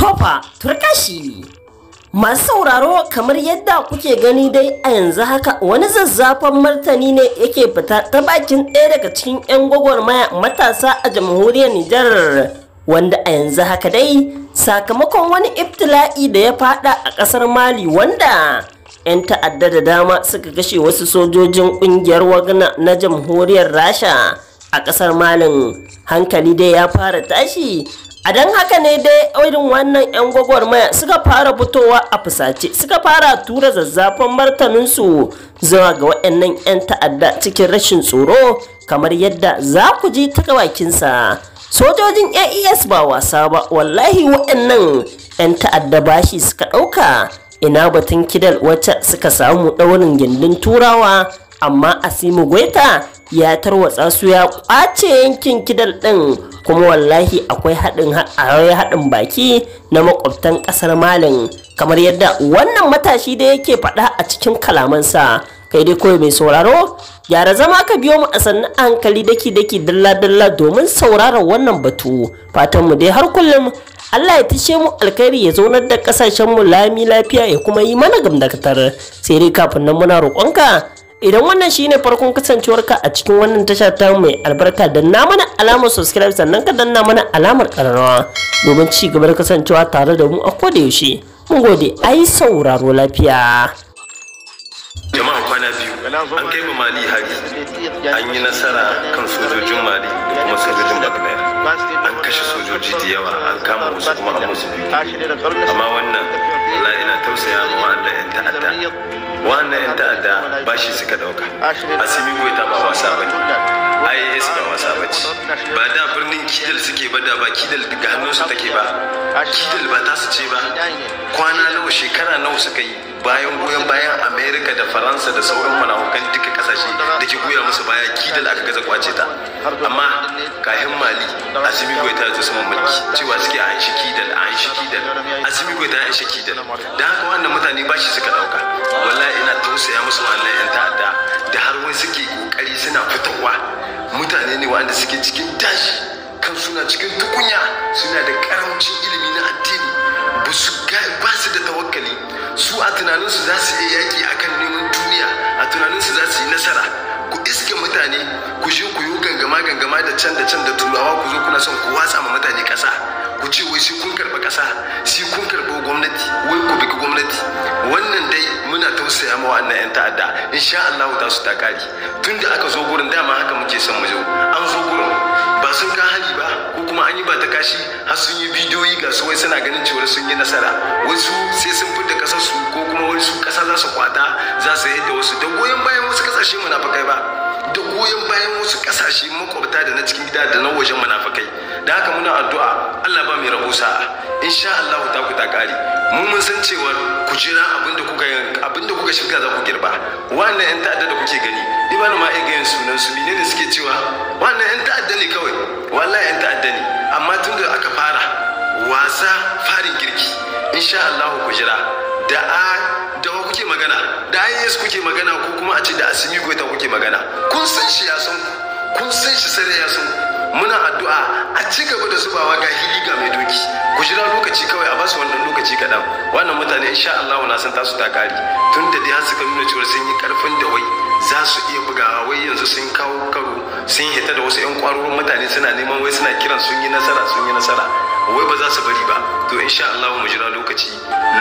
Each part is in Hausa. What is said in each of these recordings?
tofa turkashi masu sauraro kamar yadda kuke gani dai a yanzu haka wani zazzafan martani ne yake fita ta bakin ɗaya daga cikin 'yan gwagwarmaya matasa a jamhuriyar nijar wanda a yanzu haka dai sakamakon wani iftila'i da ya fada a ƙasar mali wanda 'yan ta'adda da dama suka kashe wasu sojojin ƙungiyar wagna na jamhuriyar rasha a ƙasar malin hankali dai ya fara tashi a don haka ne dai irin wannan 'yan gwagwarmaya suka fara fitowa a fusace suka fara tura zazzafan martaninsu zuwa ga waɗannan 'yan ta'adda cikin rashin tsoro kamar yadda za ku ji ta bakinsa sojojin aes ba wasa ba wallahi waɗannan 'yan ta'adda bashi suka ɗauka ina batun kidal wacce suka samu ɗaurin gindin turawa amma Asimu Goita ya tarwatsa su ya kwace yankin kidal ɗin kuma wallahi akwai haɗin haɗin baki na makwabtan ƙasar Malin kamar yadda wannan matashi da yake faɗa a cikin kalamansa kai dai kawai mai sauraro gyara zama ka biyo mu a sannan hankali daki daki dalla dalla domin sauraron wannan batu fatan dai har kullum Allah ya tishe mu alkhairi ya zaunar da kasashen mu lami lafiya ya kuma yi mana gamdakatar sai dai kafin nan muna roƙonka idan wannan shi ne farkon kasancewar ka a cikin wannan tasha ta mai albarka na mana alamar subscribe sannan ka danna mana alamar kararrawa domin ci gaba da kasancewa tare da mu a koda yaushe mun gode ai sauraro lafiya jama'a kwana biyu an kai ma mali hari an yi nasara kan sojojin mali da kuma sojojin bagdad an kashe sojoji da yawa an kama wasu kuma an musu amma wannan Allah ina tausaya ma wa'anda 'yan ta'adda wa'anda 'yan ta'adda ba shi suka dauka asimi goita ba wasa bane is ba wasa bace ba da hannun kidal suke ba da ba kidal daga su take ba kidal ba ta su ce ba kwana nawa shekara nawa suka yi bayan goyon bayan amerika da faransa da sauran manahukan duka kasashe da ke goya musu baya kidal aka gaza kwace ta amma kayan mali azumi goyi ta ta saman mulki cewa suke a shi kidal a shi kidal goyi ta a shi kidal da haka wannan mutane ba shi suka dauka wallahi ina tausaya musu wannan yan ta'adda da har wai suke kokari suna fitowa mutane ne wanda suke cikin tashi kan suna cikin tukunya suna da karamcin ilimi na addini ba su da tawakkali su a tunaninsu za su iya yaƙi a kan neman duniya a tunaninsu za su yi nasara ku iske mutane ku je ku yi gangama gangama da can da can da turawa ku zo kuna son ku watsa ma mutane ƙasa ku ce wai shi kun karɓa ƙasa sai kun karɓi gwamnati wai ku bi gwamnati wannan dai muna tausaya ma wa'annan 'yan ta'adda insha Allah ta su ta kare tun da aka zo gurin dama haka muke son mu zo an zo gurin ba sun ka hali ba ko kuma an yi ba ta kashi har sun yi bidiyoyi ga su wai suna ganin cewa sun yi nasara wasu sai sun fita kasar su ko kuma wasu kasa za su kwata za su yadda wasu da goyon bayan wasu kasashe fakai ba da goyon bayan wasu kasashe makwabta da na cikin gida da na wajen munafakai da haka muna addu'a Allah ba mai rabo sa'a insha Allah ta ku ta kare mu mun san cewa ku jira abinda kuka abinda kuka shirka za ku girba wannan yan ta'adda da kuke gani ni ba ma iya gayin sunan su ne da suke cewa wannan yan ta'adda ne kawai wallahi yan ta'adda ne amma tun da aka fara wasa farin girki insha Allah ku jira da a da kuke magana da ayyes kuke magana ko kuma a ce da asimi goita kuke magana kun san shi ya san kun san shi sai ya san muna addu'a a ci gaba da zubawa ga hili ga mai doki ku jira lokaci kawai a basu wannan lokaci kaɗan wannan mutane insha Allah na san tasu ta tun da dai suka nuna cewa sun yi karfin da wai za su iya bugawa wai yanzu sun kawo karo sun hita da wasu 'yan kwarorin mutane suna neman wai suna kiran sun yi nasara sun yi nasara wai ba za su bari ba to insha Allah mu jira lokaci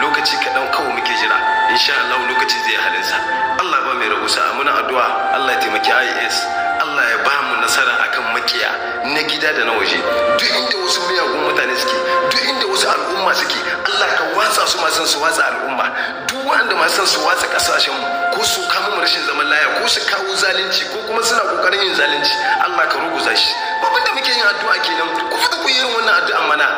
lokaci kaɗan kawai muke jira insha Allah lokaci zai halinsa Allah ba mai rahusa a muna addu'a Allah ya taimaki IAS Allah ya ba mu nasara akan makiya na gida da na waje duk inda wasu miyagun mutane suke duk inda wasu al'umma suke Allah ka watsa su masu su watsa al'umma duk wanda masu su watsa kasashen mu ko su kama mu rashin zaman laya ko su kawo zalunci ko kuma suna kokarin yin zalunci Allah ka ruguza shi babban da muke yin addu'a kenan ku fita ku yi irin wannan addu'a mana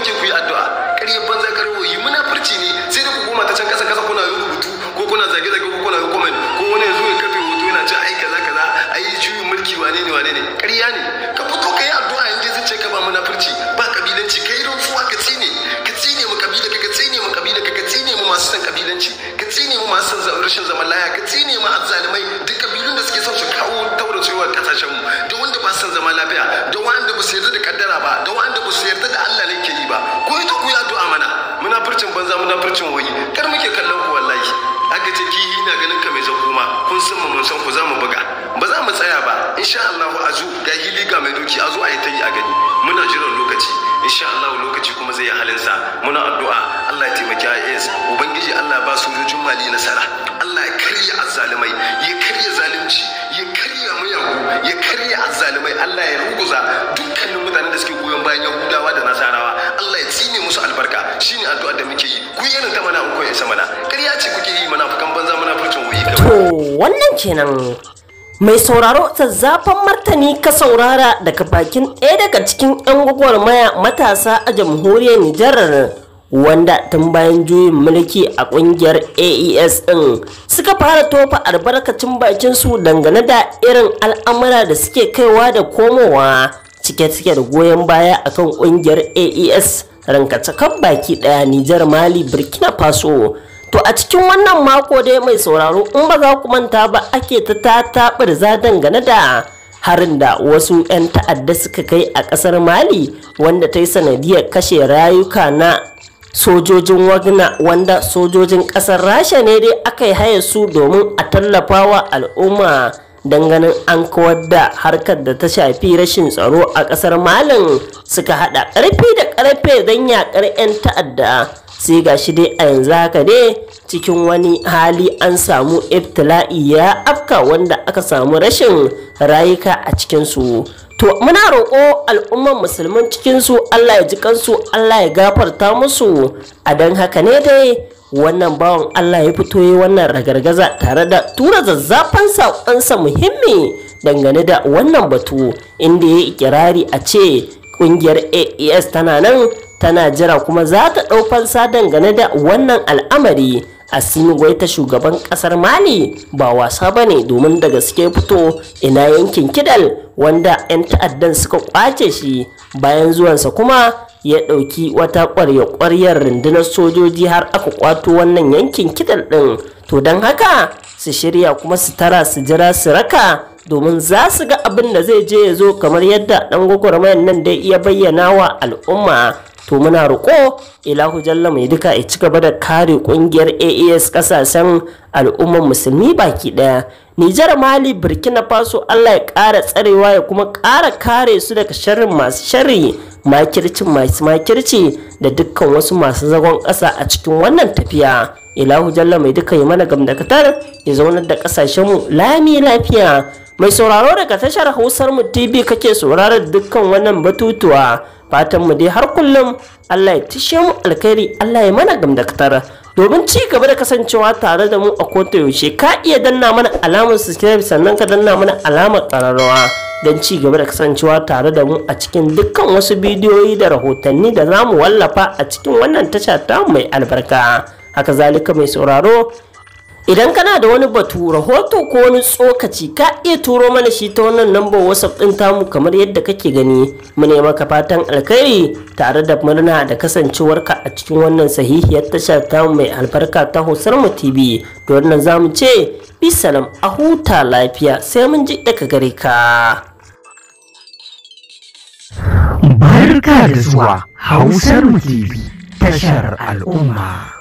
muke ku yi addu'a ƙaryar banza ƙaryar yi munafurci ne sai da ku koma ta can ƙasa ƙasa kuna yi rubutu ko kuna zage zage ko kuna yi komen ko wani yanzu ya kafe hoto yana cewa ai kaza kaza ai juyin mulki wane ne wane ne ƙarya ne ka fito ka yi addu'a yanzu zai ce ka ba munafurci ba kabilanci ka yi rufuwa ka tsine ka tsine mu kabila ka tsine mu kabila ka tsine mu masu san kabilanci ka tsine mu masu san rashin zaman laya ka tsine mu azzalim tsaya ba insha Allah a zo ga hili ga mai doki a zo a yi ta yi a gani muna jiran lokaci insha Allah lokaci kuma zai yi halinsa muna addu'a Allah ya taimaki IAS ubangiji Allah ba sojojin mali nasara Allah ya karya azzalumai ya karya zalunci ya karya muyagu ya karya azzalumai Allah ya ruguza dukkanin mutanen da suke goyon bayan Yahudawa da Nasarawa Allah ya tsine musu albarka shine addu'a da muke yi ku irin ta mana in ko sama na karya ce kuke yi munafukan banza munafurcin wuyi to wannan kenan mai sauraro ta zafin martani ka saurara daga bakin ɗaya daga cikin 'yan maya matasa a jamhuriyar nijar wanda tun bayan juyin mulki a kungiyar aes ɗin suka fara tofa albarkacin bakinsu dangane da irin al'amura da suke kaiwa da komowa cike cike da goyon baya akan kungiyar aes rankacakan baki ɗaya nijar mali burkina faso To a cikin wannan mako dai mai sauraro in ba za ku manta ba ake ta tataɓarza dangane da harin da wasu 'yan ta'adda suka kai a ƙasar Mali wanda ta yi sanadiyar kashe rayuka na sojojin wagna wanda sojojin ƙasar rasha ne dai aka yi haye su domin a tallafawa al'umma danganin an kawar da harkar da ta shafi rashin tsaro a ƙasar malin suka haɗa ƙarfi da karfe don yaƙar 'yan ta'adda sai ga shi dai a yanzu haka ne, cikin wani hali an samu iftila'i ya afka wanda aka samu rashin rayuka a cikinsu to muna roƙo al'ummar musulman cikinsu allah ya ji kansu allah ya gafarta musu a don haka ne dai wannan bawan allah ya fito yi wannan ragargaza tare da tura zazzafan saƙonsa muhimmi dangane da wannan batu inda ya yi ikirari a ce ƙungiyar aes tana nan tana jira kuma za ta ɗau fansa dangane da wannan al'amari a sinigwai ta shugaban ƙasar mali ba wasa ba ne domin da gaske fito ina yankin kidal wanda 'yan ta'addan suka kwace shi bayan zuwansa kuma ya ɗauki wata ƙwarya-ƙwaryar rundunar sojoji har aka kwato wannan yankin kidal ɗin to don haka su shirya kuma su tara su jira su raka domin za su ga abin da zai je ya zo kamar yadda ɗan gwagwarmayan nan da iya bayyana wa al'umma to muna roƙo ilahu jalla mai duka ya ci gaba da kare ƙungiyar aas ƙasashen al'ummar musulmi baki ɗaya nijar mali burkina faso allah ya ƙara tsarewa ya kuma ƙara kare su daga sharrin masu sharri makirci masu makirci da dukkan wasu masu zagon ƙasa a cikin wannan tafiya ilahu jalla mai duka ya mana gamdakatar ya zaunar da ƙasashenmu lami lafiya mai sauraro daga tashar hausar mu tv kake sauraron dukkan wannan batutuwa fatan mu dai har kullum allah ya tishe mu alkhairi allah ya mana gamdaktar, domin ci gaba da kasancewa tare da mu a kota yaushe ka iya danna mana alamar subscribe sannan ka danna mana alamar kararrawa, don ci gaba da kasancewa tare da mu a cikin dukkan wasu bidiyoyi da rahotanni da za mu wallafa a cikin wannan tasha ta mai albarka haka zalika mai sauraro idan kana da wani batu rahoto ko wani tsokaci ka iya turo mana shi ta wannan lambar whatsapp ɗin tamu kamar yadda kake gani mu ne maka fatan alkhairi tare da murna da kasancewarka a cikin wannan sahihiyar tasha tamu mai albarka ta hausar mu tv da wannan zamu ce bisalam a huta lafiya sai mun ji daga gare ka barka da zuwa hausar mu tv tashar al'umma